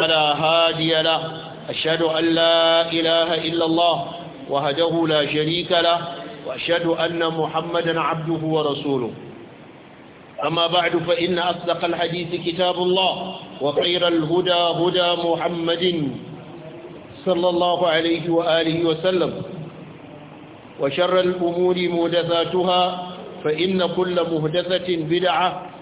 ولا هادي له أشهد أن لا إله إلا الله وهده لا شريك له وأشهد أن محمدا عبده ورسوله أما بعد فإن أصدق الحديث كتاب الله وخير الهدى هدى محمد صلى الله عليه وآله وسلم وشر الأمور مهدثاتها فإن كل مهدثة بدعة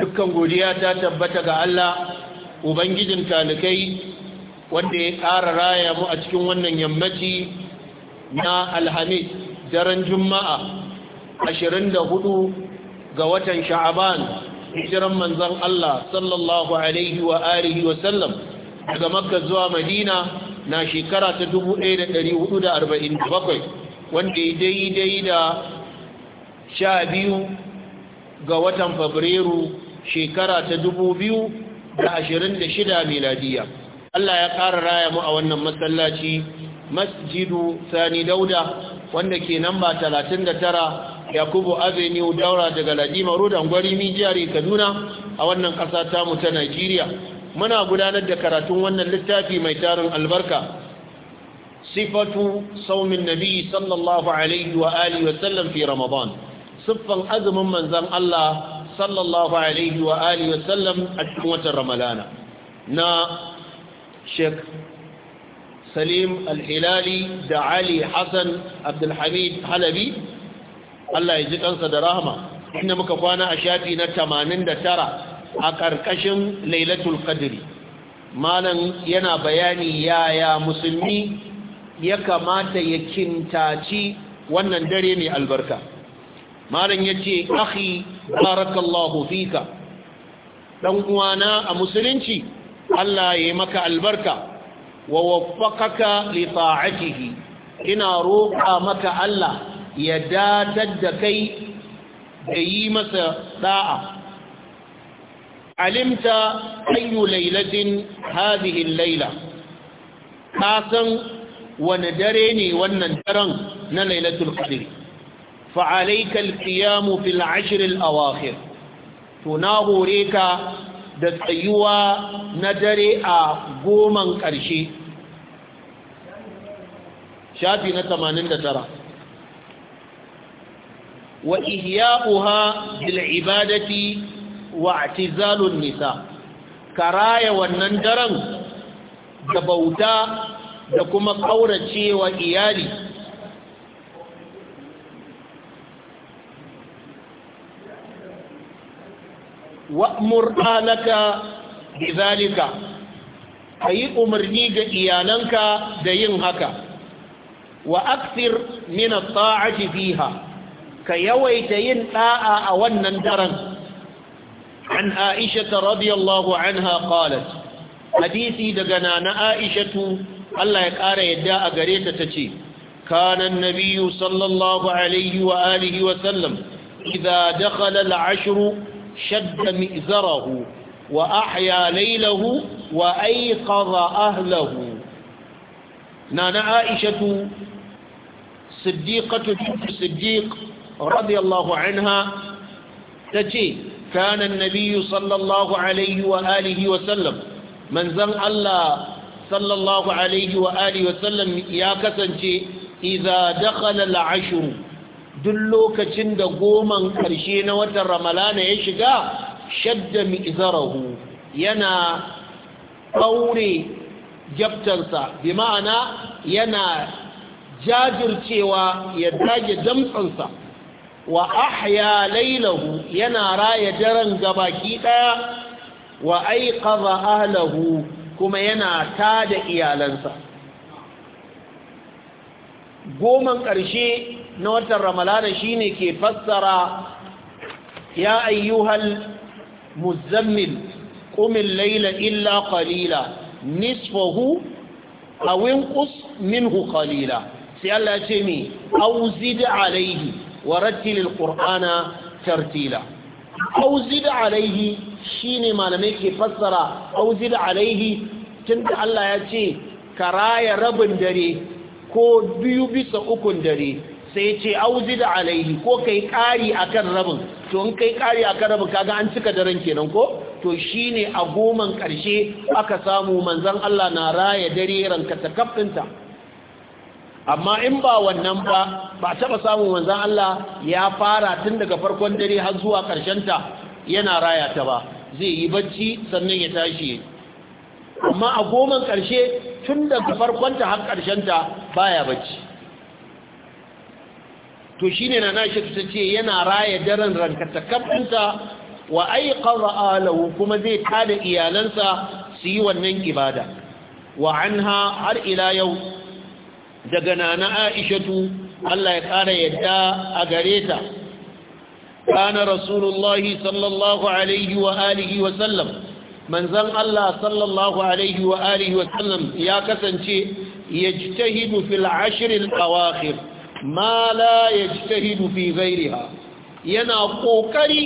dukkan godiya ta tabbata ga Allah ubangijin talikai wanda ya ƙara raya mu a cikin wannan yammaci na alhamis daren juma'a 24 ga watan sha'aban hijiran manzon Allah sallallahu alaihi wa alihi wa sallam daga makka zuwa madina na shekara ta 1447 wanda ya daidai da sha biyu ga watan fabrairu shekara ta dubu biyu da ashirin da shida miladiya Allah ya ƙara raya mu a wannan masallaci masjidu sani dauda wanda ke namba talatin da tara yakubu avenue daura daga ladima rodan gwari jihar kaduna a wannan ƙasa tamu ta nigeria muna gudanar da karatun wannan littafi mai tarin albarka sifatu saumin nabi sallallahu alaihi wa alihi wa sallam fi ramadan siffan azumin manzon Allah sallallahu alaihi wa alihi wa sallam a cikin watan ramadana na sheikh salim al-hilali da ali hassan abdulhamid halabi allah ya ji kansa da rahama inda muka kwana a shafi na 89 a ƙarƙashin lailatul qadri malam yana bayani yaya musulmi ya kamata ya kintaci wannan dare mai albarka malam yace akhi barakallahu fika dan uwana a musulunci Allah ya maka albarka wa waffaqaka li ta'atihi ina roƙa maka Allah ya datar da kai da yi masa da'a alimta ayyu lailatin hadhihi al-laila ka san wani dare ne wannan daren na lailatul qadr فعليك القيام في العشر الأواخر تناغوريك دسعيوة ندري أقوما كرشي شافي نتمانين ترى وإهياؤها بالعبادة واعتزال النساء كرايا والنندرم دبوتا دكما قورة شيء وإيالي wa'mur alaka bi zalika yi umarni ga iyalanka da yin haka wa mina min at fiha ka yawaita yin da'a a wannan daren an Aisha radiyallahu anha qalat hadisi daga nana Aishatu Allah ya ƙara yadda a gare ta ce. Kanan an-nabiyyu sallallahu alaihi wa alihi wa sallam dakhala al-ashru shadda mi'zarahu wa ahya lailahu wa aiqadha ahlahu nana aishatu siddiqatu siddiq radiyallahu anha tace kana an-nabiy sallallahu alaihi wa alihi wa sallam manzan Allah sallallahu alaihi wa alihi wa sallam ya kasance idza dakhala al duk lokacin da goman ƙarshe na watan ramalana ya shiga shadda mi'zarahu yana ɗaure jabtansa, bi ma'ana yana jajircewa ya dage damtsansa wa ahya lailahu yana raya daren gabaki ɗaya wa aiqadha ahlahu kuma yana tada iyalansa goman ƙarshe na watan ramalana shine ke fassara ya ayyuhal muzammil ƙumin laila illa Kalila nisfahu awin qus minhu qalila sai Allah ya ce mi auzid alaihi wa rattil alqur'ana tartila auzid alaihi shine malamai ke fassara auzid alaihi tunda Allah ya ce karaya rabin dare ko biyu bisa ukun dare sai ce auzi da alaihi ko kai kari akan rabin to in kai kari akan rabin kaga an cika daren kenan ko to shi ne a goman ƙarshe aka samu manzan Allah na raya dare ranka kafinta amma in ba wannan ba ba taɓa samu manzan Allah ya fara tun daga farkon dare har zuwa karshen ta yana raya ta ba zai yi bacci sannan ya tashi amma a goman ƙarshe tun daga farkonta har ƙarshenta baya bacci to shine na nashi ta ce yana raya daren rankatakafinta wa aiqara alahu kuma zai tada iyalansa su yi wannan ibada wa ha har ila yau daga nana aishatu Allah ya kara yadda a gare ta kana rasulullahi sallallahu alaihi wa alihi wa sallam manzan Allah sallallahu alaihi wa alihi wa sallam ya kasance yajtahidu fil ashr al awakhir ma la yajtahidu fi ghayriha yana ƙoƙari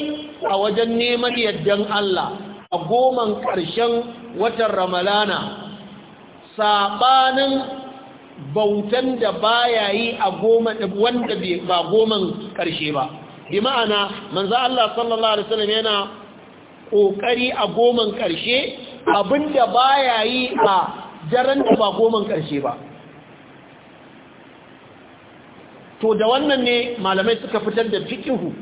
a wajen neman yaddan Allah a goman ƙarshen watan Ramalana sabanin bautan da baya yi a goma wanda ba goman ƙarshe ba bi ma'ana manzo Allah sallallahu alaihi wasallam yana ƙoƙari a goman ƙarshe abinda ba ya yi a daren ba goman ƙarshe ba to da wannan ne malamai suka fitar da fikihu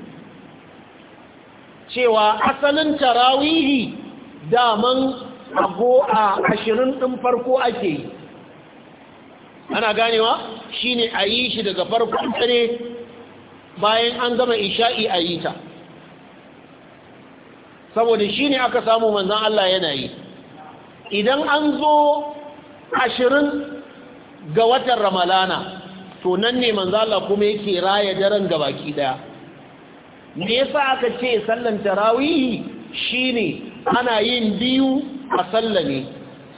cewa asalin tarawihi daman ago a ashirin ɗin farko ake yi ana ganewa ne a yi shi daga farko ɗare bayan an gama isha'i a yi ta saboda shi ne aka samu manzan Allah yana yi idan an zo ashirin ga watan ramalana to nan ne manzan Allah kuma yake raya daren ga baki daya me yasa aka ce sallan tarawihi shine ana yin biyu a sallane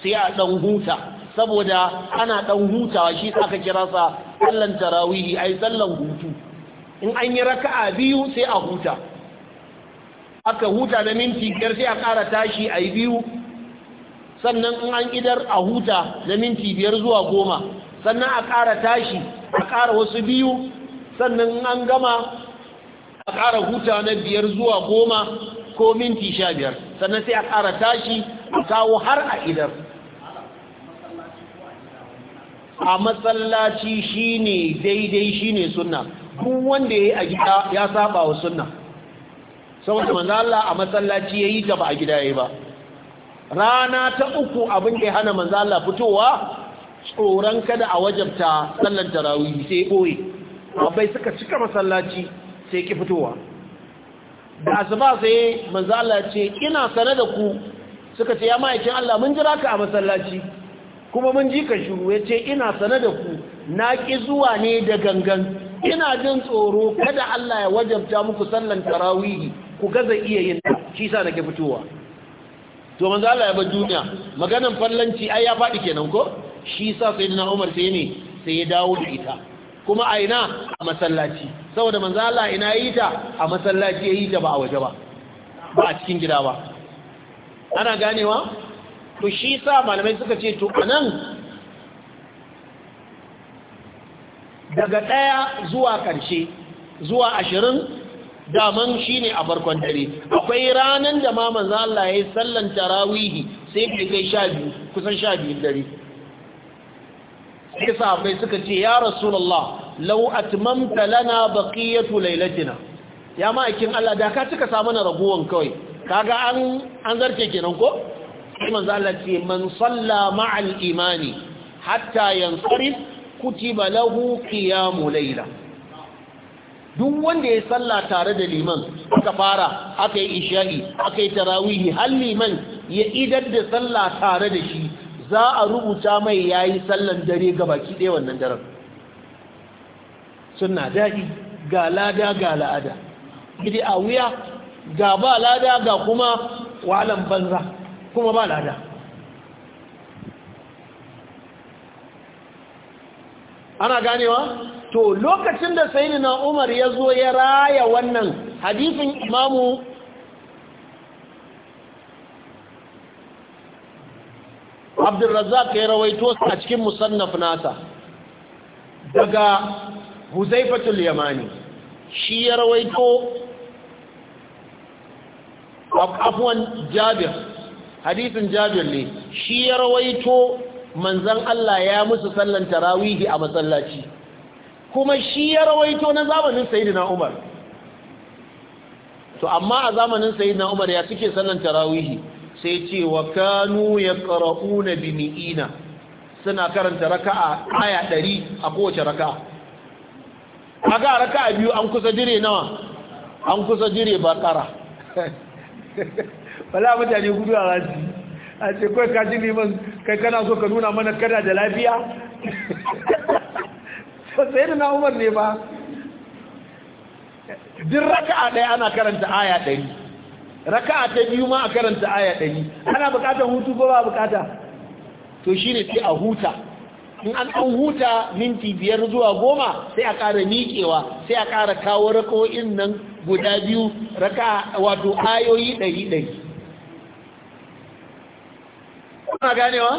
sai a dan huta saboda ana dan hutawa shi aka kira sa sallan tarawihi ai sallan hutu in an yi raka'a biyu sai a huta aka huta na minti biyar sai a ƙara tashi a yi biyu sannan in an idar a huta na minti biyar zuwa goma sannan a ƙara tashi a ƙara wasu biyu sannan an gama a ƙara huta na biyar zuwa goma ko minti sha biyar sannan sai a ƙara tashi a kawo har a idar a matsalaci shine daidai shine suna duk wanda ya yi a gida ya saba wa sunna saboda manzo Allah a masallaci yayi ta ba a gida yayi ba rana ta uku abin da ya hana manzo Allah fitowa tsoron kada a wajabta sallan tarawih sai boye abai suka cika masallaci sai ki fitowa da asuba sai manzo Allah ce ina sane da ku suka ce ya ma'aikin Allah mun jira ka a masallaci kuma mun ji ka shiru ya ce ina sane da ku na ki zuwa ne da gangan ina jin tsoro kada Allah ya wajabta muku sallan tarawih ku gaza iya yin shi sa nake fitowa to manzo Allah ya bar duniya maganan fallanci ai ya faɗi kenan ko shi sa na Umar sai ne sai ya dawo da ita kuma a ina a masallaci saboda manzo Allah ina yi ta a masallaci yayi ta ba a waje ba ba a cikin gida ba ana ganewa to shi sa malamai suka ce to anan daga ɗaya zuwa karshe zuwa ashirin daman shi ne a farkon dare akwai ranar da ma manzo Allah ya yi sallan tarawihi sai bai kai sha biyu kusan sha biyu dare sai sahabbai suka ce ya rasulullah law atmamta lana baqiyatu lailatina ya ma akin Allah da ka cika samu na ragowan kawai kaga an an zarce kenan ko sai manzo Allah ce man salla ma'al imani hatta yansarif kutiba lahu qiyamu layla duk wanda ya salla tare da liman aka fara aka yi isha'i aka yi tarawihi har liman ya idar da salla tare da shi za a rubuta mai ya yi sallan dare gabaki ɗaya wannan daren suna daɗi ga lada ga la'ada gidi a wuya ga ba lada ga kuma walan banza kuma ba lada ana ganewa to lokacin da na Umar ya zo ya raya wannan hadisin imamu Abdurrazzaq ya rawaito a cikin musannaf nasa daga Huzaifatul Yamani shi ya rawaito Jabir hadisin Jabir ne shi ya rawaito manzon Allah ya musu sallan tarawihi a masallaci kuma shi ya rawaito na zamanin sayyidina Umar to amma a zamanin sayyidina Umar ya suke sallan tarawihi sai ce wa kanu yaqra'una bi mi'ina suna karanta raka'a aya 100 a kowace raka'a kaga raka'a biyu an kusa dire nawa an kusa dire bakara wala mutane gudu a raji a ce kai ka ji kai kana so ka nuna mana kada da lafiya sai da na umar ne ba raka a ɗaya ana karanta aya ɗari a ta biyu ma a karanta aya ɗari ana bukatar hutu ko ba bukata to ne sai a huta in an ɗan huta minti biyar zuwa goma sai a ƙara miƙewa sai a ƙara kawo rako'in nan guda biyu raka wato ayoyi ɗari ɗari kuna ganewa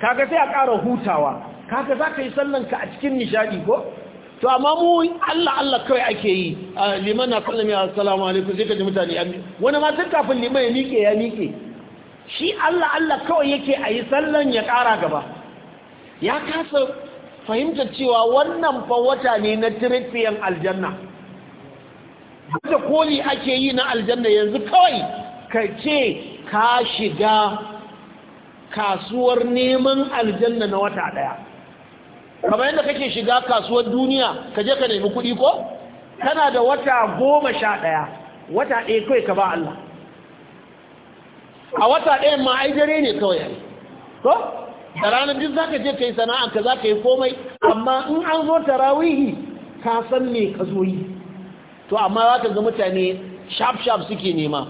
kaga sai a ƙara hutawa kaga za ka yi sallanka a cikin nishadi ko to amma mu Allah Allah kawai ake yi liman na sallami assalamu alaikum sai ka ji mutane amin wani ma tun kafin liman ya miƙe ya miƙe shi Allah Allah kawai yake a yi sallan ya kara gaba ya kasa fahimta cewa wannan fa wata ne na tirifiyan aljanna da koli ake yi na aljanna yanzu kawai ka ce ka shiga kasuwar neman aljanna na wata ɗaya kamar yadda kake shiga kasuwar duniya ka je ka nemi kuɗi ko kana da wata goma sha ɗaya wata ɗaya kawai ka ba Allah a wata ɗaya ma ai dare ne kawai ko da ranar duk zaka je kai sana'a ka zaka yi komai amma in an zo tarawihi ka san me ka zo yi to amma za zaka ga mutane sharp sharp suke nema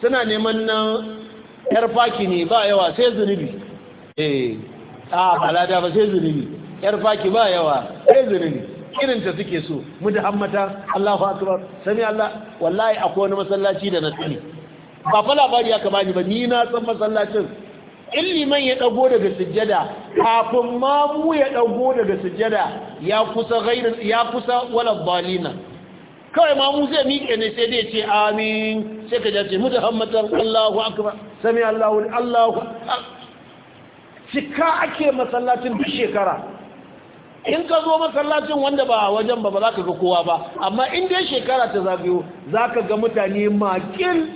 suna neman nan yar faki ne ba yawa sai zunubi eh ba balada ba sai zunubi yar faki ba yawa sai zunubi irin ta suke so mu da hammata Allahu akbar sami Allah wallahi akwai wani masallaci da na sani ba fa labari ya kama ni ba ni na san masallacin in liman ya dago daga sujjada kafin ma mu ya dago daga sujjada ya kusa ghairu ya kusa wala balina kawai ma mu zai miƙe ne sai dai ce amin sai ka jace mu da hammatan Allahu akbar sami Allahu Allahu cika ake masallacin duk shekara in ka zo masallacin wanda ba wajen ba ba za ka ga kowa ba amma in dai shekara ta zagayo za ka ga mutane makil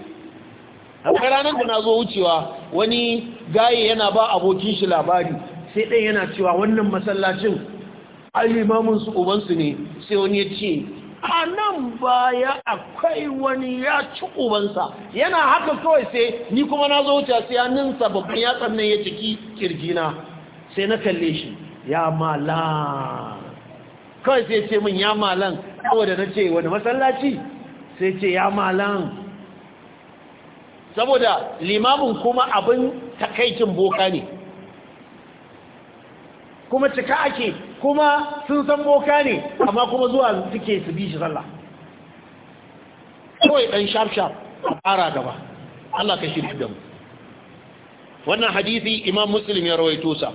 A ranar da na zo wucewa wani gaye yana ba abokin shi labari sai ɗan yana cewa wannan masallacin alimamin su ubansu ne sai wani ya ce a nan baya akwai wani ya ci ubansa yana haka kawai sai ni kuma na zo wuce sai hannunsa babban yatsan nan ya ciki kirjina sai na kalle shi ya malan kawai sai ce min ya malan saboda na ce wani masallaci sai ce ya malan saboda limamin kuma abin takaicin boka ne kuma cika ake kuma sun san boka ne amma kuma zuwa suke su bi shi sallah kawai dan sharp sharp a ƙara gaba Allah ka da mu wannan hadisi imam muslim ya rawaito sa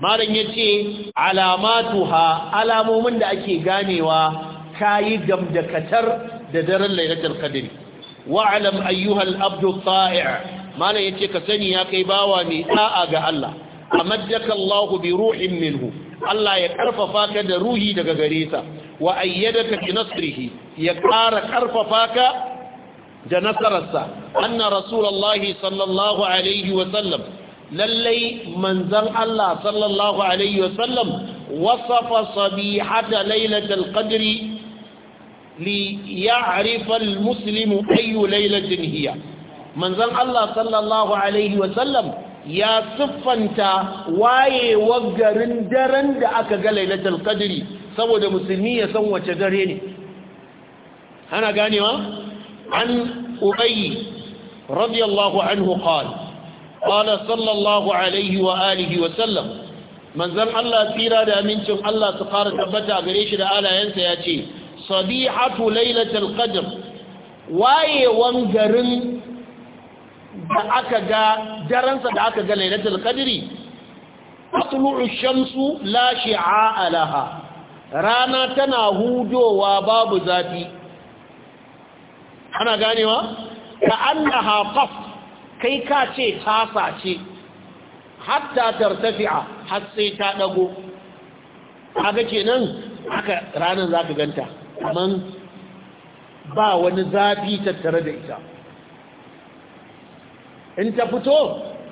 malam yace alamatuha alamomin da ake ganewa kayi gamdakatar da daren lailatul qadr wa alam ayyuha al-abdu ta'i' malam yace ka sani ya kai bawa mai da'a ga Allah amaddaka Allahu bi ruhin minhu Allah ya karfafa ka da ruhi daga gare sa wa ayyadaka bi nasrihi ya kara karfafa ka da nasararsa anna rasulullahi sallallahu alaihi wa sallam lallai manzan Allah sallallahu alaihi wa sallam wasafa sabihata lailatul qadri li ya'rifa al-muslimu ayyu lailatin hiya Manzan Allah sallallahu alaihi wa sallam ya siffanta wayewar garin daren da aka ga lailatul qadri saboda musulmi ya san wace dare ne ana ganewa an ubayy radiyallahu anhu qala qala sallallahu alaihi wa alihi wa sallam manzon Allah tsira da amincin Allah su fara tabbata gare shi da alayensa ya ce sabihatu lailatul qadr wayewan garin da aka ga daransa da aka ga lailatul qadri tatlu'u shamsu la shi'a laha rana tana hudowa babu zafi ana ganewa ka annaha qaf kai ka ce ta sace hatta tartafi'a har sai ta dago kaga kenan haka ranar zaka ganta kaman ba wani zafi tattare da ita in ta fito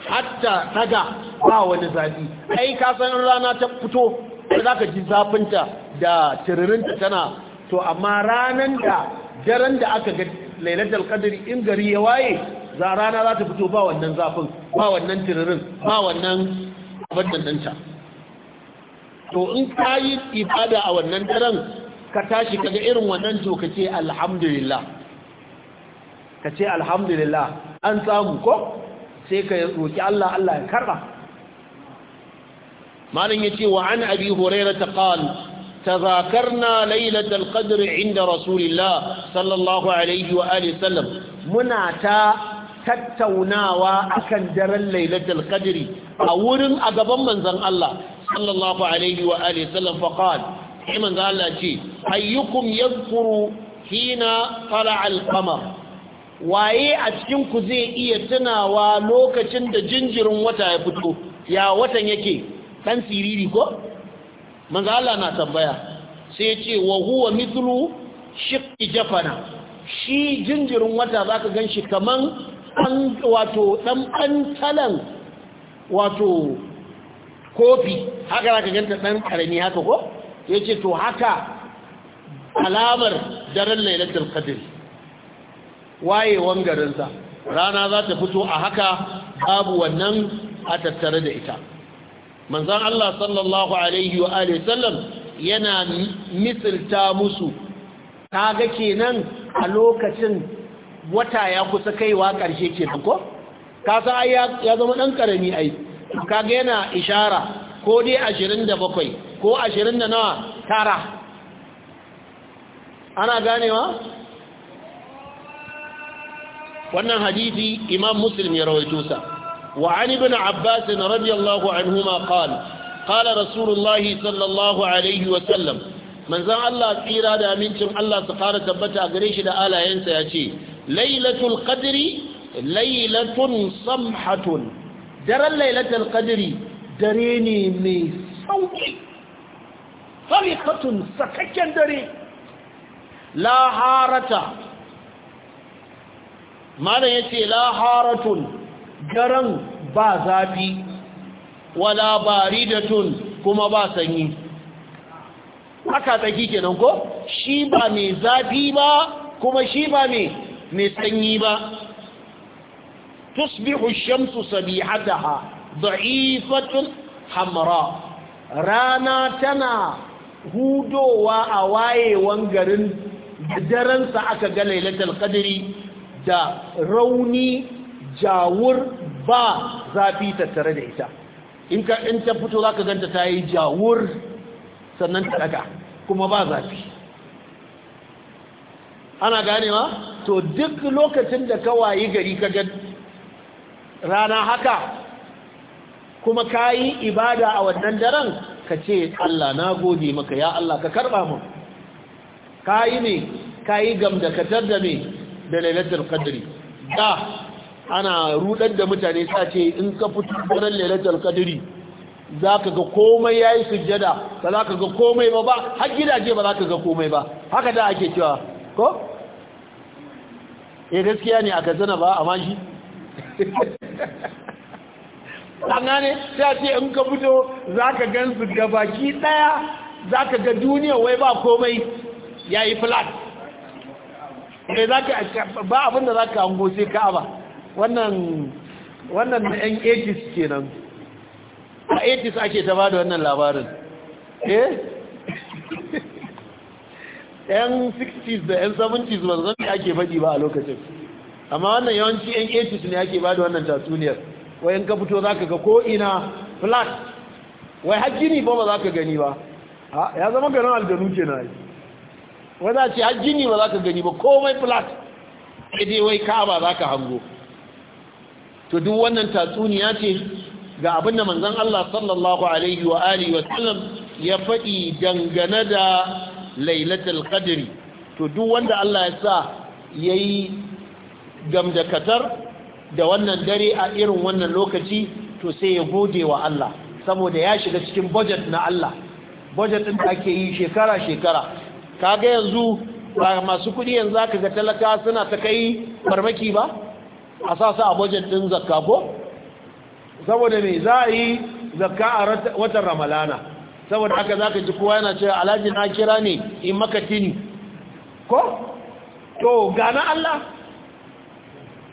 hatta daga ba wani zafi ai ka san rana ta fito sai zaka ji zafinta da tiririnta tana to amma ranan da daren da aka ga lailatul qadri in gari ya waye za rana za ta fito ba wannan zafin ba wannan tiririn ba wannan abadan danta to in ka yi ibada a wannan daren ka tashi kaga irin wannan to kace alhamdulillah kace alhamdulillah an samu ko sai ka roki Allah Allah ya karba malin yace wa an abi hurayra ta qal tazakarna laylatul qadr inda rasulillah sallallahu alaihi wa alihi sallam muna ta tattaunawa akan daren laylatul qadr a wurin a gaban manzon Allah sallallahu alaihi wa alihi sallam fa qal sai manzon ce ayyukum yadhkuru hina tala al qamar waye a cikin ku zai iya tunawa lokacin da jinjirin wata ya fito ya watan yake dan siriri ko manzo Allah na tambaya sai ce wa huwa mithlu shiqqi jafana shi jinjirin wata zaka ganshi kaman an wato dan antalan wato kofi haka zaka ganta dan karami haka ko yace to haka alamar daren lailatul qadr wayewan garinsa rana za ta fito a haka babu wannan a tattare da ita manzan Allah sallallahu alaihi wa sallam yana misilta musu kaga kenan a lokacin wata ya kusa kaiwa ƙarshe kenan ko kasa ai ya zama ɗan ƙarami ai kaga yana ishara ko dai ashirin da bakwai ko ashirin da nawa tara ana ganewa wannan hadisi imam muslim ya rawaito sa wa an ibn abbas radiyallahu anhuma qala qala rasulullah sallallahu alaihi wa sallam manzon Allah tsira da amincin Allah su fara tabbata gare shi da alayensa ya ce lailatul qadri lailatun samhatun daren lailatul qadri dare ne mai sauki farikatun sakakken dare la harata malam yace ce, laharatun garan ba zafi wala tun kuma ba sanyi haka tsaki kenan ko shi ba mai zafi ba kuma shi ba mai sanyi ba tusbihu shamsu sabihataha da'ifatun hamra rana tana hudowa a wayewan garin da daransa aka ga lailatul qadri da rauni jawur ba zafi tattare da ita in ka in ta fito zaka ganta ta yi jawur sannan ta daga kuma ba zafi ana ganewa to duk lokacin da ka wayi gari ka ga rana haka kuma ka yi ibada a wannan daren ka ce Allah na gode maka ya Allah ka karba mu ka yi ne ka yi gam da me da lailatul qadri da ana rudar da mutane sa ce in ka fito ranar lailatul qadri za ka ga komai ya yi sujjada ba za ka ga komai ba ba har gidaje ba za ka ga komai ba haka da ake cewa ko? e gaskiya ne a gazana ba a mashi? an gane ta ce in ka fito za ka gan su gabaki ɗaya za ka ga duniya wai ba komai ya yi flat za ka ba abin da za ka hango sai ka ba wannan na yan 80s kenan a 80s ake ta bada wannan labarin eh 60s da yan 70s ba zan ake faɗi ba a lokacin amma wannan yawanci yan 80s ne ake bada wannan tatsuniyar wayan ka fito ka ga ko ina flat wai hajji ne ba ba za ka gani ba ya zama ganin aljanu yi. wadda ce har jini ba za ka gani ba komai flat idai wai ka'aba za ka hango to duk wannan tatsuniya ce ga abin da manzon Allah sallallahu alaihi wa alihi wa sallam ya faɗi dangane da lailatul qadri to duk wanda Allah ya sa yayi gamdakatar da wannan dare a irin wannan lokaci to sai ya gode wa Allah saboda ya shiga cikin budget na Allah budget ɗin da ake yi shekara shekara kaga yanzu ba masu kuɗi yanzu aka ga talaka suna ta kai farmaki ba a sa su a bajet din zakka ko saboda me za a yi zakka a watan ramalana saboda haka za ka ji kowa yana cewa alhaji na kira ne in maka tini ko to gana Allah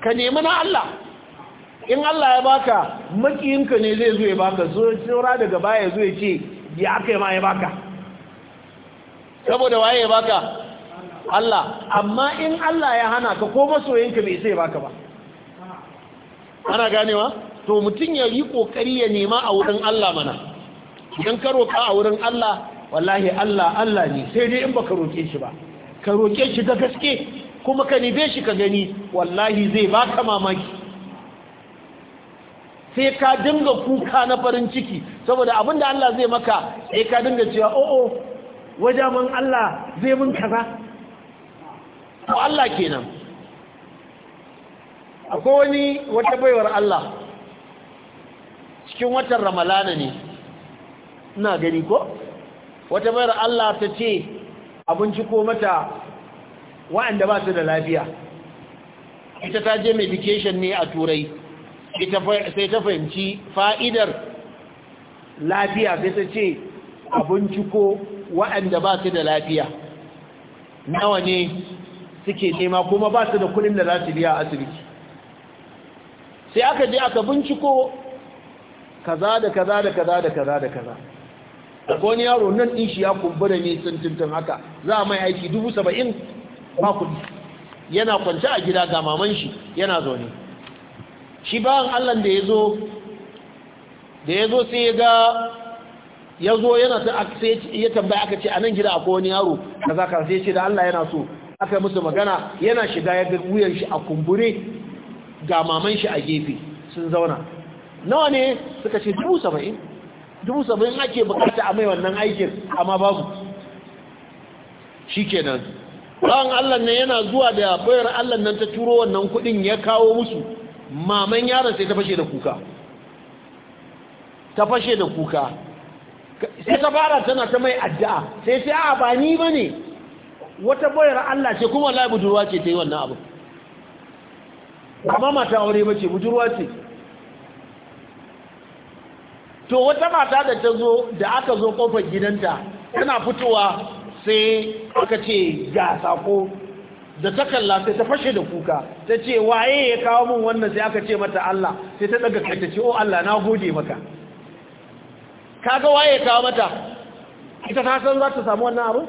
ka nemi na Allah in Allah ya baka makiyinka ne zai zo ya baka zuwa saura daga baya zuwa zo ya ce ya aka yi ma ya baka saboda waye ya baka Allah amma in Allah ya hana ka ko masoyinka bai sai baka ba ana ganewa to mutum ya yi kokari ya nema a wurin Allah mana idan ka roka a wurin Allah wallahi Allah Allah ne sai dai in baka roke shi ba ka roke shi da gaske kuma ka nibe shi ka gani wallahi zai baka mamaki sai ka dinga kuka na farin ciki saboda abinda Allah zai maka sai ka dinga cewa o'o oh, oh, wajaman Allah zai mun kaza to Allah kenan akwai wani wata baiwar Allah cikin watan ramalana ne ina gani ko wata baiwar Allah ta ce abinci ko mata wa'anda ba su da lafiya ita ta je medication ne a turai sai ta fahimci fa'idar lafiya sai ta ce abinci ko waɗanda ba su da lafiya nawa ne suke nema kuma ba su da kudin da za su biya asibiti sai aka je aka binciko kaza da kaza da kaza da kaza da kaza akwai wani yaro nan ɗin shi ya kumbura ne tsintintin haka za a mai aiki dubu saba'in yana kwanci a gida ga maman shi yana zaune shi bayan allan da ya zo da ya zo sai ya ga ya zo yana ta ya tambaya aka ce a nan gida akwai wani yaro da za ka sai ce da Allah yana so aka musu magana yana shiga ya ga wuyan shi a kumbure ga maman shi a gefe sun zauna nawa ne suka ce dubu saba'in dubu saba'in ake bukata a mai wannan aikin amma babu shi nan. ran Allah ne yana zuwa da bayar Allah nan ta turo wannan kuɗin ya kawo musu maman yaron sai ta fashe da kuka ta fashe da kuka sai ta fara tana ta mai addu'a sai sai a ba ni ba ne wata bayar Allah ce kuma wallahi budurwa ce ta yi wannan abu amma mata aure ba ce budurwa ce to wata mata da ta zo da aka zo kofar gidanta tana fitowa sai aka ce ga sako da ta kalla sai ta fashe da kuka ta ce waye ya kawo min wannan sai aka ce mata Allah sai ta daga kai ta ce o oh, Allah na gode maka kaga waye kawo mata ita ta san za ta samu wannan abu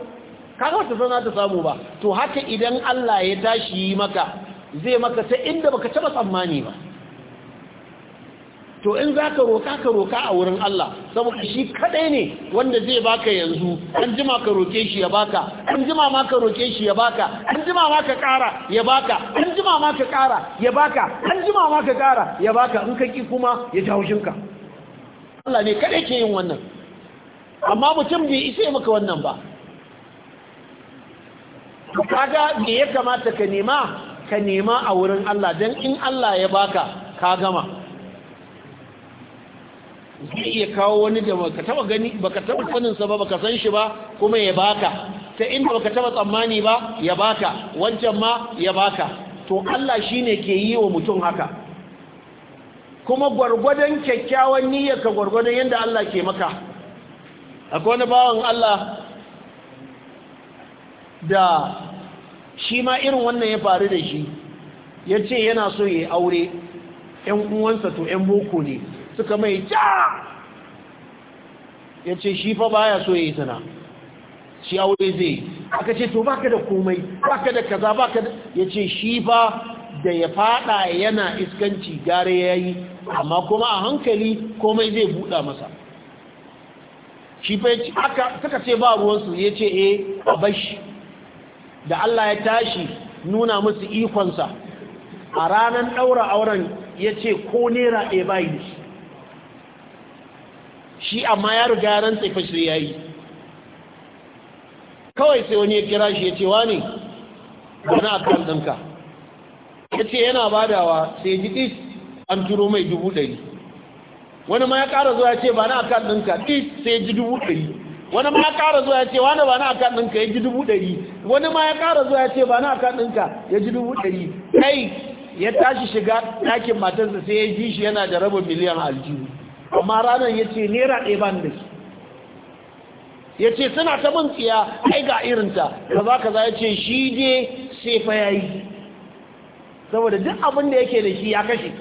kaga wata san za ta samu ba to haka idan Allah ya tashi maka zai maka ta inda baka taba tsammani ba to in za ka roka ka roka a wurin Allah saboda shi kaɗai ne wanda zai baka yanzu an jima ka roƙe shi ya baka an jima ma ka roƙe shi ya baka an jima ma ka ƙara ya baka an jima ma ka ƙara ya baka an jima ma ka ƙara ya baka in ka ƙi kuma ya jawo shinka Allah ne kada ke yin wannan amma mutum bai isa maka wannan ba kaga me ya kamata ka nema ka nema a wurin Allah don in Allah ya baka ka gama zai iya kawo wani da baka taba gani baka taba saninsa ba baka san shi ba kuma ya baka ta inda baka taba tsammani ba ya baka wancan ma ya baka to Allah shine ke yi wa mutum haka kuma gwargwadon kyakkyawan niyyarka gwargwadon yadda Allah ke maka akwai wani bawan Allah da shi ma irin wannan ya faru da shi ya ce yana so ya aure 'yan uwansa to 'yan boko ne suka mai ja ya ce shi fa baya so ya yi sana shi aure zai aka ce to baka da komai baka da kaza baka da ya ce shi fa da ya fada yana iskanci gare ya yi amma kuma a hankali komai zai buɗa masa shi fai aka suka ce ba ruwansu ya ce eh a bashi da Allah ya tashi nuna musu ikonsa a ranar ɗaura auren ya ce ko nera e bayi da shi amma ya riga ran rantsa ya yi kawai sai wani ya kira shi ya ce wa ne wani kan ɗinka ya ce yana badawa sai ji ɗis an turo mai dubu ɗari wani ma ya ƙara zuwa ya ce ba na kan ɗinka ɗis sai ji dubu ɗari wani ma ya ƙara zuwa ya ce wani ba na kan ɗinka ya ji dubu ɗari wani ma ya ƙara zuwa ya ce ba na kan ɗinka ya ji dubu ɗari kai ya tashi shiga ɗakin matarsa sai ya ji shi yana da rabin miliyan aljihu amma ranar ya ce naira ɗaya ban da shi ya ce suna ta bin tsiya ai ga irinta kaza kaza ya ce shi dai sai fa yayi saboda duk abin da yake da shi ya kashe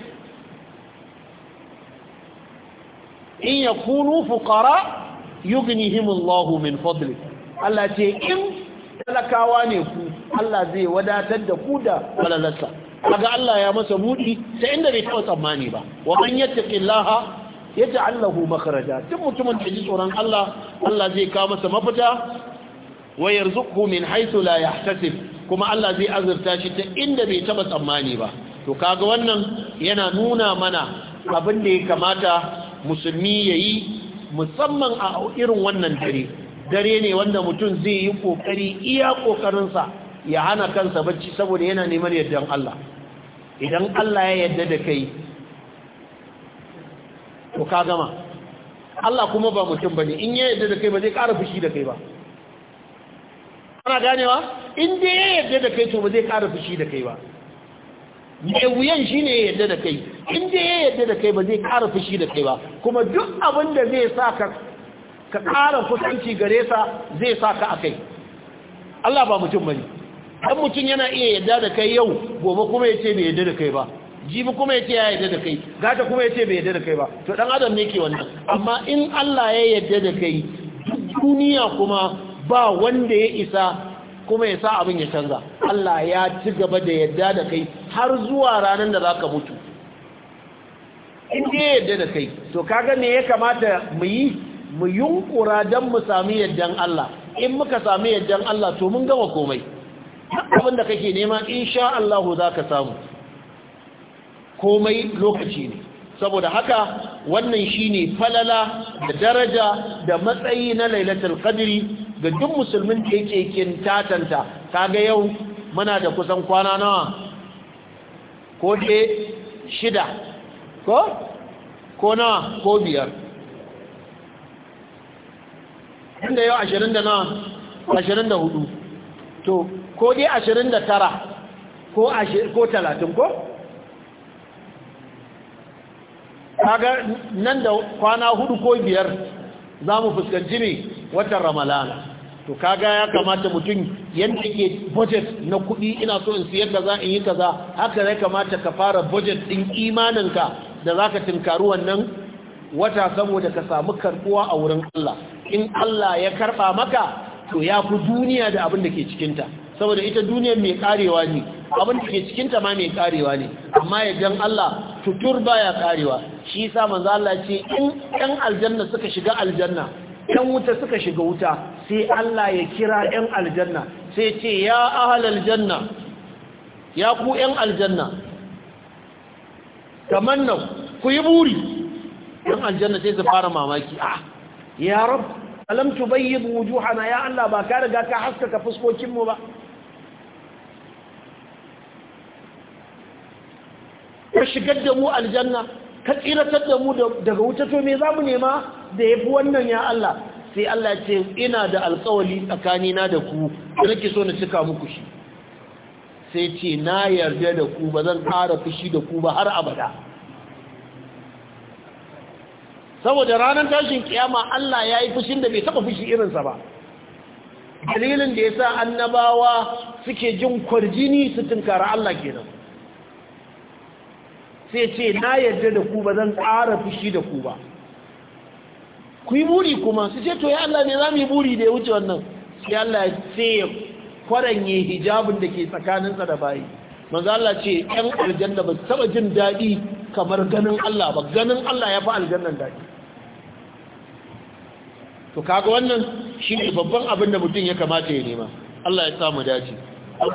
in ya kunu fukara yughnihimullahu min fadli Allah ce in talakawa ne ku Allah zai wadatar da ku da walalarsa kaga Allah ya masa budi sai inda bai taɓa tsammani ba wa man yattaqillaha yaj'al lahu makhraja duk mutumin da ji tsoron Allah Allah zai kawo masa mafita wa yarzuqhu min haythu la yahtasib kuma Allah zai azurta shi ta inda bai taba tsammani ba to kaga wannan yana nuna mana abin da ya kamata musulmi yayi musamman a irin wannan dare dare ne wanda mutum zai yi kokari iya kokarinsa ya hana kansa bacci saboda yana neman yardan Allah idan Allah ya yarda da kai to ka gama Allah kuma ba mutum bane in ya yarda da kai ba zai ƙara fushi da kai ba ana ganewa inda ya yarda da kai to ba zai kara fushi da kai ba mai wuyan shi ne ya yarda da kai inda ya yarda da kai ba zai kara fushi da kai ba kuma duk abin da zai sa ka kara kusanci gare sa zai sa ka a kai Allah ba mutum bane dan mutum yana iya yarda da kai yau gobe kuma ya ce bai yarda da kai ba jibi kuma ya ya yarda da kai gata kuma ya bai yarda da kai ba to dan adam ne ke wannan amma in Allah ya yarda da kai duniya kuma ba wanda ya isa kuma ya sa abin ya canza Allah ya ci gaba da yadda da kai har zuwa ranar da za ka mutu inda ya yadda da kai to kaga ne ya kamata mu yi mu yunkura don mu sami yaddan Allah in muka sami yaddan Allah to mun gama komai abinda kake nema insha Allah za ka samu komai lokaci ne saboda haka wannan shine falala da daraja da matsayi na lailatul qadri ga duk musulmin da yake tatanta kaga yau muna da kusan kwana nawa ko ɗe shida ko ko nawa ko biyar inda yau ashirin da nawa ashirin da hudu to ko ɗe ashirin da tara ko talatin ko? kaga nan da kwana hudu ko biyar za mu fuskanci ne watan ramalana to kaga ya kamata mutum yanda ke budget na kuɗi ina so in siyar za in yi kaza haka ya kamata ka fara budget ɗin imaninka da za ka tunkaru wannan wata saboda ka samu karbuwa a wurin Allah in Allah ya karɓa maka to ya fi duniya da abin da ke cikinta saboda ita duniyar mai karewa ne abin da ke cikinta ma mai karewa ne amma ya dan Allah tutur baya karewa shi yasa manzo Allah ce in ɗan aljanna suka shiga aljanna ɗan wuta suka shiga wuta sai Allah ya kira ‘yan aljanna sai ce ya ahal aljanna ya ku ‘yan aljanna kamar nan ku yi buri ‘yan aljanna sai su fara mamaki a ah, ya rab alam tubayyib wujuhana ya Allah ba ka riga ka haskaka fuskokin mu ba ka shigar da mu aljanna ka tsiratar da mu daga wuta to me za mu nema da ya fi wannan ya Allah sai Allah ya ce ina da alkawali tsakanina da ku da nake so na cika muku shi sai ce na yarda da ku ba zan ƙara fushi da ku ba har abada saboda ranar tashin kiyama Allah ya yi fushin da bai taɓa fushi irinsa ba dalilin da ya sa annabawa suke jin kwarjini su tunkara Allah kenan sai ce na yarda da ku ba zan ƙara fushi da ku ba ku yi buri kuma su ce to ya Allah ne za mu yi buri da ya wuce wannan sai Allah sai ya kwaranye hijabin da ke tsakaninsa da bayi manzo Allah ce ɗan aljanna ba taɓa jin daɗi kamar ganin Allah ba ganin Allah ya fi aljannan daɗi to kaga wannan shi ne babban abin da mutum ya kamata ya nema Allah ya samu dace a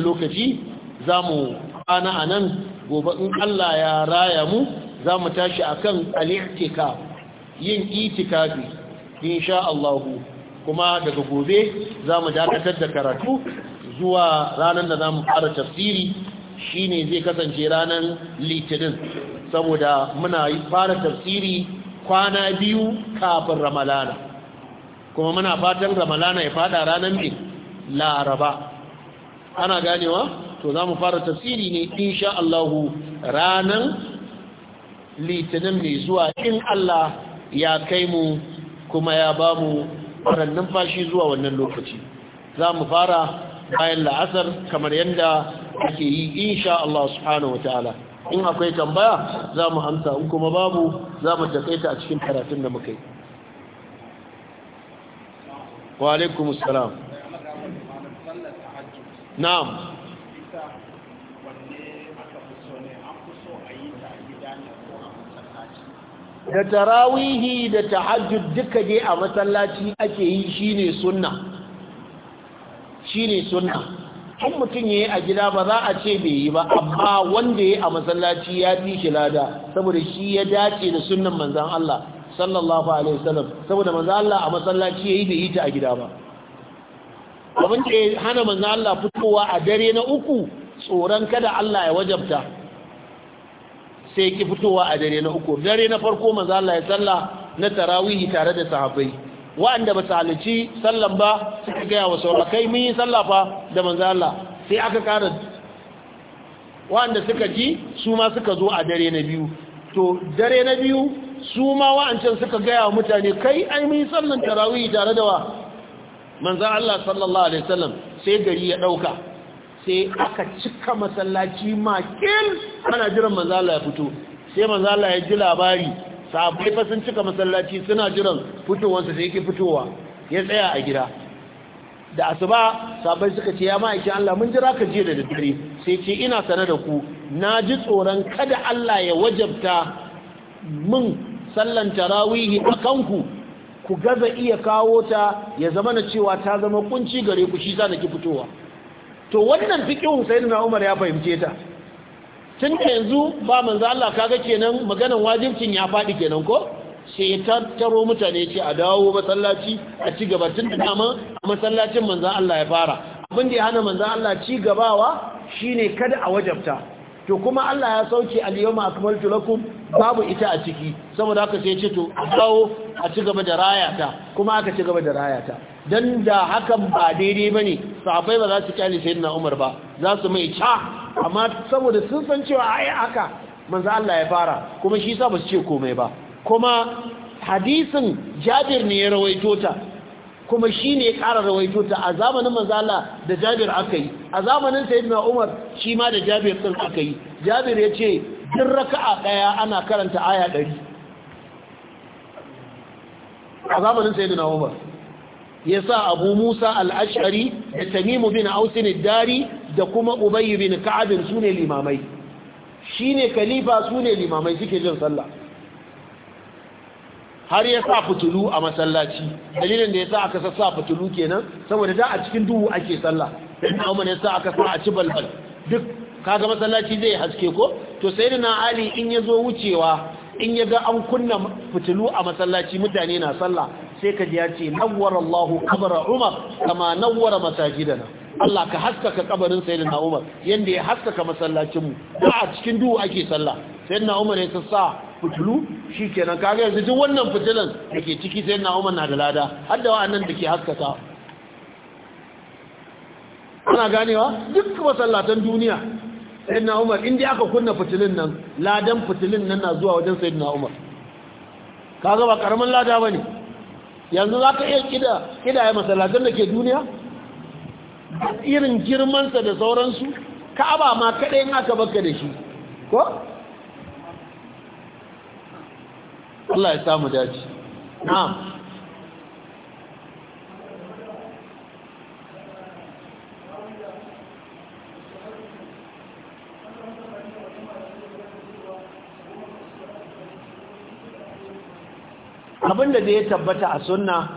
lokaci za mu ana a nan gobe in Allah ya raya mu za mu tashi a kan al'itika yin itikafi insha Allah kuma daga gobe za mu dakatar da karatu zuwa ranar da za mu fara tafsiri shi ne zai kasance ranar litinin saboda muna fara tafsiri kwana biyu kafin ramalana kuma muna fatan ramalana ya fada ranar bin laraba ana ganewa to za mu fara tafsiri ne insha ranan litinin mai zuwa in Allah ya kai mu kuma ya ba mu ɓaran numfashi zuwa wannan lokaci za mu fara bayan la'asar kamar yadda ake yi insha Allah subhanahu wa ta'ala in akwai tambaya za mu amsa in kuma babu za mu takaita a cikin karatun da muka yi wa alaikumussalam na'am bisa wanne aka fi so ne an fi so a yi ta gida ne ko a masallaci da tarawihi da tahajjud duka dai a masallaci ake yi shine sunna shine sunna in mutum ya yi a gida ba za a ce bai yi ba amma wanda ya yi a masallaci ya fi shi lada saboda shi ya dace da sunnan manzan Allah sallallahu alaihi wasallam saboda manzan Allah a masallaci ya yi bai yi ta a gida ba abin da ya hana manzan Allah fitowa a dare na uku tsoron kada Allah ya wajabta sai ki fitowa a dare na uku dare na farko manzan Allah ya salla na tarawihi tare da sahabbai wa'anda ba salici sallan ba suka gaya wa kai mun yi salla fa da manzan Allah sai aka ƙara wa'anda suka ji su ma suka zo a dare na biyu to dare na biyu su ma wa'ancan suka gaya wa mutane kai ai mun yi sallan tarawihi tare da wa manzan Allah sallallahu Alaihi wasallam sai gari ya ɗauka sai aka cika masallaci makil ana jiran manzan Allah ya fito sai manzan Allah ya ji labari sabai fa sun cika masallaci suna jiran fitowansa sai yake fitowa ya tsaya a gida da asuba sabai suka ce ya ma'aikin Allah mun jira ka je da daddare sai ce ina sane da ku na ji tsoron kada Allah ya wajabta min sallan tarawihi a ku. ku gaza iya kawo ta ya zama na cewa ta zama kunci gare ku shi sa na ki fitowa to wannan sai na Umar ya fahimce ta tun da yanzu ba manzo Allah kaga kenan maganan wajibcin ya faɗi kenan ko sai ta taro mutane ce a dawo masallaci a ci gaba tun da dama a masallacin manzo Allah ya fara abin da ya hana manzo Allah ci gabawa shine kada a wajabta to kuma Allah ya sauke al-yawma akmaltu lakum babu ita a ciki saboda haka sai ce to dawo a cigaba gaba da rayata kuma aka ci gaba da rayata dan da hakan ba daidai bane sahabbai ba za su kyale sayyidina Umar ba za su mai ca amma saboda sun san cewa ai haka manzo Allah ya fara kuma shi sa ba su ce komai ba kuma hadisin Jabir ne ya rawaito ta kuma shi ne ƙara rawaito ta a zamanin allah da jabir aka yi a zamanin Sayyidina umar shi ma da jabir ɗin aka yi jabir ya ce duk raka'a ɗaya ana karanta aya ɗari a zamanin sai da umar ya sa abu musa al'ashari da tamimu bin ausin dari da kuma ubayi bin ka'abin su ne limamai shi ne kalifa su ne limamai suke jin sallah har ya sa fitulu a masallaci dalilin da ya sa aka sassa fitulu kenan saboda da a cikin duhu ake sallah da ya sa aka sa a ci balbal duk kaga masallaci zai haske ko to na ali in ya zo wucewa in ya ga an kunna fitilu a masallaci mutane na sallah sai ka ya ce nawwarallahu kabara umar kama nawwara masajidana Allah ka haskaka kabarin sayyidina umar yanda ya haskaka masallacin mu da a cikin duhu ake sallah sayyidina umar ya sa fitilu shi kenan kaga yanzu duk wannan fitilan da ke ciki sayyidina umar na da lada har da wa'annan dake haskaka ana ganewa duk masallatan duniya sayyidina umar inda aka kunna fitilin nan ladan fitilin nan na zuwa wajen sayyidina umar ka ba karamin lada bane ne yanzu za ka iya kida ya masallatan da ke duniya irin girmansa da sauransu ka'aba ma kaɗai in aka barka da shi ko? Allah ya samu dace na'am Abin da ya tabbata a sunna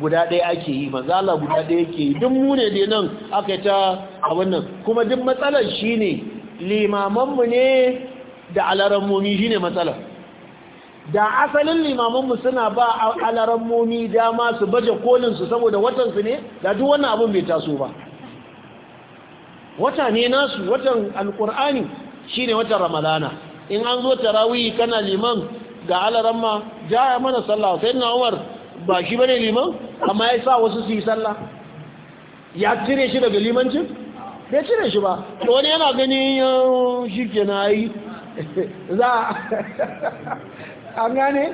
guda ɗaya ake yi mazala guda ɗaya ke yi duk mu ne dai nan aka ta a wannan kuma duk matsalar shi ne limamanmu ne da alarammomi shi ne matsalar da asalin limamanmu suna ba alarammomi dama su baje kolinsu saboda watansu ne da duk wannan abin bai taso ba wata ne nasu watan alkur'ani shine watan ramadana in an zo tarawihi kana liman ga ja ya mana sallah sai na umar ba shi bane liman amma ya sa wasu su yi sallah ya cire shi daga limancin bai cire shi ba to wani yana ganin shi ke na yi za an gane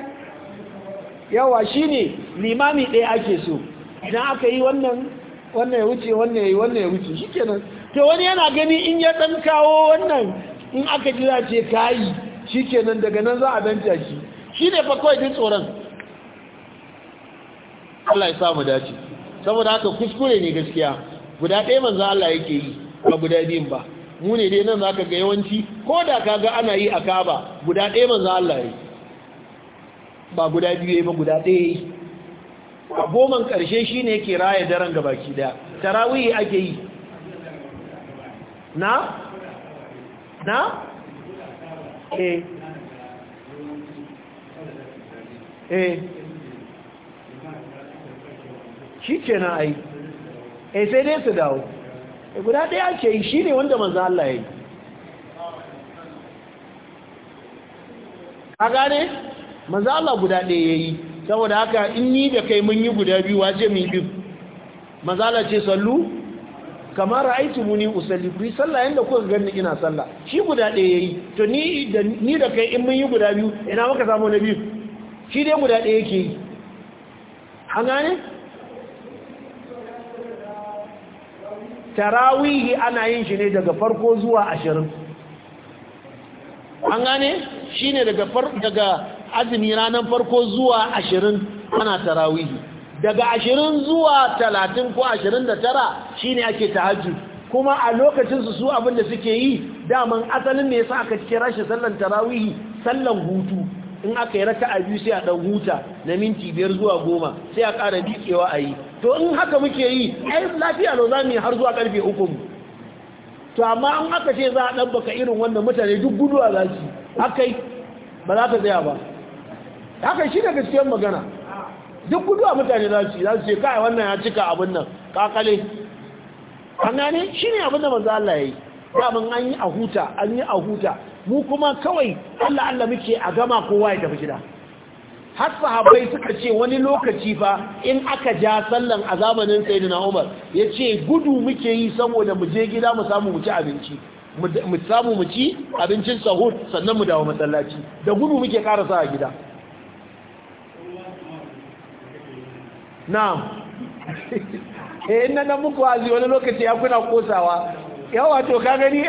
yawa shi ne limami ɗaya ake so idan aka yi wannan wannan ya wuce wannan ya yi wannan ya wuce shi nan to wani yana gani in ya ɗan kawo wannan in aka jira ce kayi shi kenan daga nan za a danta shi shi ne fa kawai din tsoron Allah ya samu dace saboda haka kuskure ne gaskiya guda ɗaya manzan Allah yake yi ba guda biyun ba mu ne dai nan zaka ga yawanci ko da kaga ana yi a kaba guda ɗaya manzan Allah yi ba guda biyu ba guda ɗaya yi a goman ƙarshe shi ne ke raya daren gaba ki da tarawihi ake yi na? na? eh eh shi ce na ai eh sai dai su dawo eh, guda ɗaya ce shi ne wanda manzo Allah ya yi a gane manzo Allah guda daya ya yi saboda haka in ni da kai mun yi guda biyu wace mu yi biyu manzo Allah ce sallu kamar ra'aitu muni usalli ku sallah yanda kuka ganni ina sallah shi guda ɗaya yayi to ni da ni da kai in mun yi guda biyu ina muka samu na biyu shi dai guda ɗaya yake yi an gane tarawihi ana yin shi ne daga farko zuwa ashirin an gane shi ne daga azumi ranar farko zuwa ashirin ana tarawihi daga ashirin zuwa talatin ko ashirin da tara shi ne ake tahajjud kuma a lokacinsu su abin da suke yi daman asalin me yasa aka kira shi sallan tarawihi sallan hutu in aka yi raka a biyu sai a ɗan huta na minti biyar zuwa goma sai a ƙara dukewa a yi to in haka muke yi ai lafiya lo za mu har zuwa karfe uku to amma in aka ce za a dan baka irin wannan mutane duk guduwa za su akai ba za ta tsaya ba haka shi da gaskiyar magana duk guduwa mutane za su yi za su ce kai wannan ya cika abin nan kakale an gane shi ne abin da manzo Allah ya yi daman an yi a huta an yi a huta mu kuma kawai Allah Allah muke a gama kowa ya tafi gida har sahabbai suka ce wani lokaci fa in aka ja sallan a zamanin sayyidina Umar yace gudu muke yi saboda mu je gida mu samu mu ci abinci mu samu mu ci abincin sahur sannan mu dawo masallaci da gudu muke karasa a gida na'am eh na nan muku azi wani lokaci ya kuna kosawa yawa to ka gani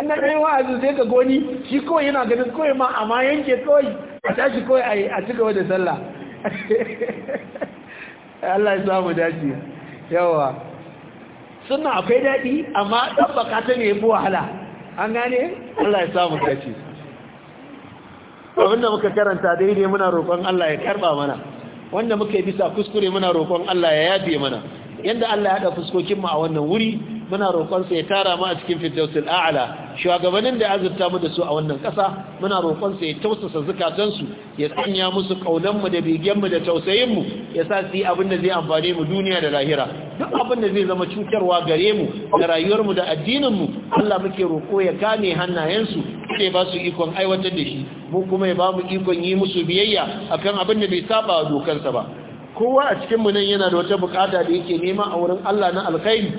ina dai wa'azi sai ka goni shi kawai yana ganin kawai ma amma yanke kawai a tashi kawai a ci gaba da sallah Allah ya samu dace yawa suna akwai daɗi amma ɗan bakata ne bu wahala an gane Allah ya samu dace abinda muka karanta daidai muna roƙon Allah ya karɓa mana wanda muka yi bisa kuskure muna roƙon Allah ya yabe mana yanda Allah ya haɗa fuskokinmu a wannan wuri muna roƙon sa ya tara mu a cikin firdausul a'la shugabannin da azurta mu da su a wannan ƙasa muna roƙon sa ya tausasa zukatansu ya sanya musu ƙaunanmu da bigen da tausayinmu ya sa su yi abin da zai amfane mu duniya da lahira duk abin da zai zama cutarwa gare mu da rayuwarmu da addininmu Allah muke roƙo ya kame hannayensu da ya ba su ikon aiwatar da shi mu kuma ya ba mu ikon yi musu biyayya akan abin da bai saba wa dokansa ba kowa a cikin mu nan yana da wata bukata da yake nema a wurin Allah na alkhairi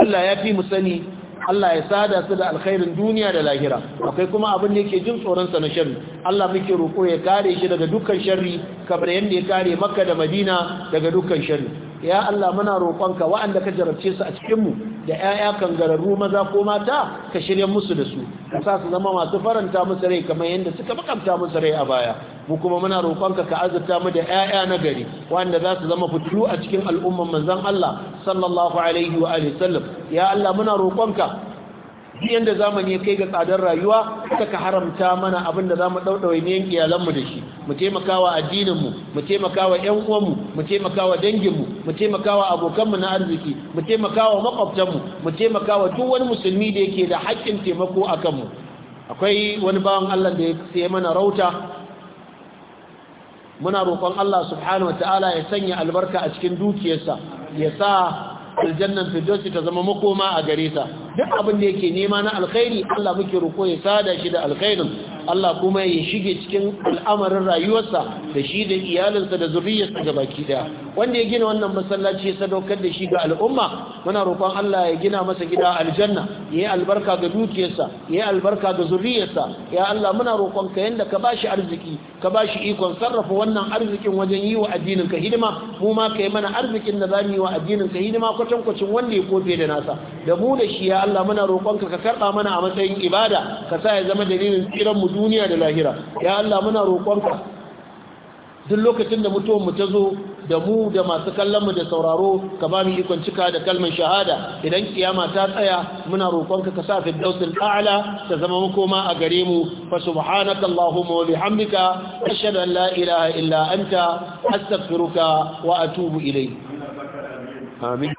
Allah ya fi mu sani Allah ya sada su da alkhairin duniya da lahira akwai kuma abin da yake jin tsoron sa na sharri Allah muke roko ya kare shi daga dukkan sharri kamar yanda ya kare Makka da Madina daga dukkan sharri ya Allah muna roƙonka waɗanda ka jarabce su a cikinmu da 'ya'ya kangararru maza ko mata ka shirya musu da su ka sa su zama masu faranta musu rai kamar yadda suka makamta musu rai a baya mu kuma muna roƙonka ka azurta mu da 'ya'ya na gari waɗanda za su zama fitilu a cikin al'umman manzon Allah sallallahu alaihi wa sallam ya Allah muna roƙonka duk yanda zamani ya kai ga tsadar rayuwa ka haramta mana abin da zamu daudawa ne yanki yalanmu da shi mu taimakawa addininmu mu mu taimakawa ƴan uwanmu mu taimaka taimakawa danginmu mu taimaka taimakawa abokanmu na arziki mu taimakawa makwabtanmu mu taimaka taimakawa duk wani musulmi da yake da haƙƙin taimako akanmu kanmu akwai wani bawan Allah da ya sai mana rauta muna roƙon Allah subhanahu wa ta'ala ya sanya albarka a cikin dukiyarsa ya sa aljannan firdausi ta zama makoma a gare ta duk abin da yake nema na alkhairi Allah muke roƙo ya sada shi da alkhairin Allah kuma ya shige cikin al'amarin rayuwarsa da shi da iyalinsa da zuriyarsa ga baki daya wanda ya gina wannan masallaci ya sadaukar da shi ga al'umma muna roƙon Allah ya gina masa gida aljanna yayi albarka ga dukiyarsa yayi albarka ga zuriyarsa ya Allah muna roƙon ka yanda ka bashi arziki ka bashi ikon sarrafa wannan arzikin wajen yi wa addinin ka hidima mu ma yi mana arzikin da zamu yi wa addinin ka hidima kwatankwacin wanda ya kofe da nasa da mu da shi ya Allah muna roƙon ka ka karba mana a matsayin ibada ka sa ya zama dalilin tsiran mu duniya da lahira ya Allah muna roƙonka duk lokacin da mutuwar mu ta zo da mu da masu kallon mu da sauraro ka ba mu ikon cika da kalmar shahada idan kiyama ta tsaya muna roƙonka ka sa fi dausul a'la ta zama makoma a gare mu fa subhanaka allahumma wa bihamdika ashhadu an la ilaha illa anta astaghfiruka wa atubu ilayk amin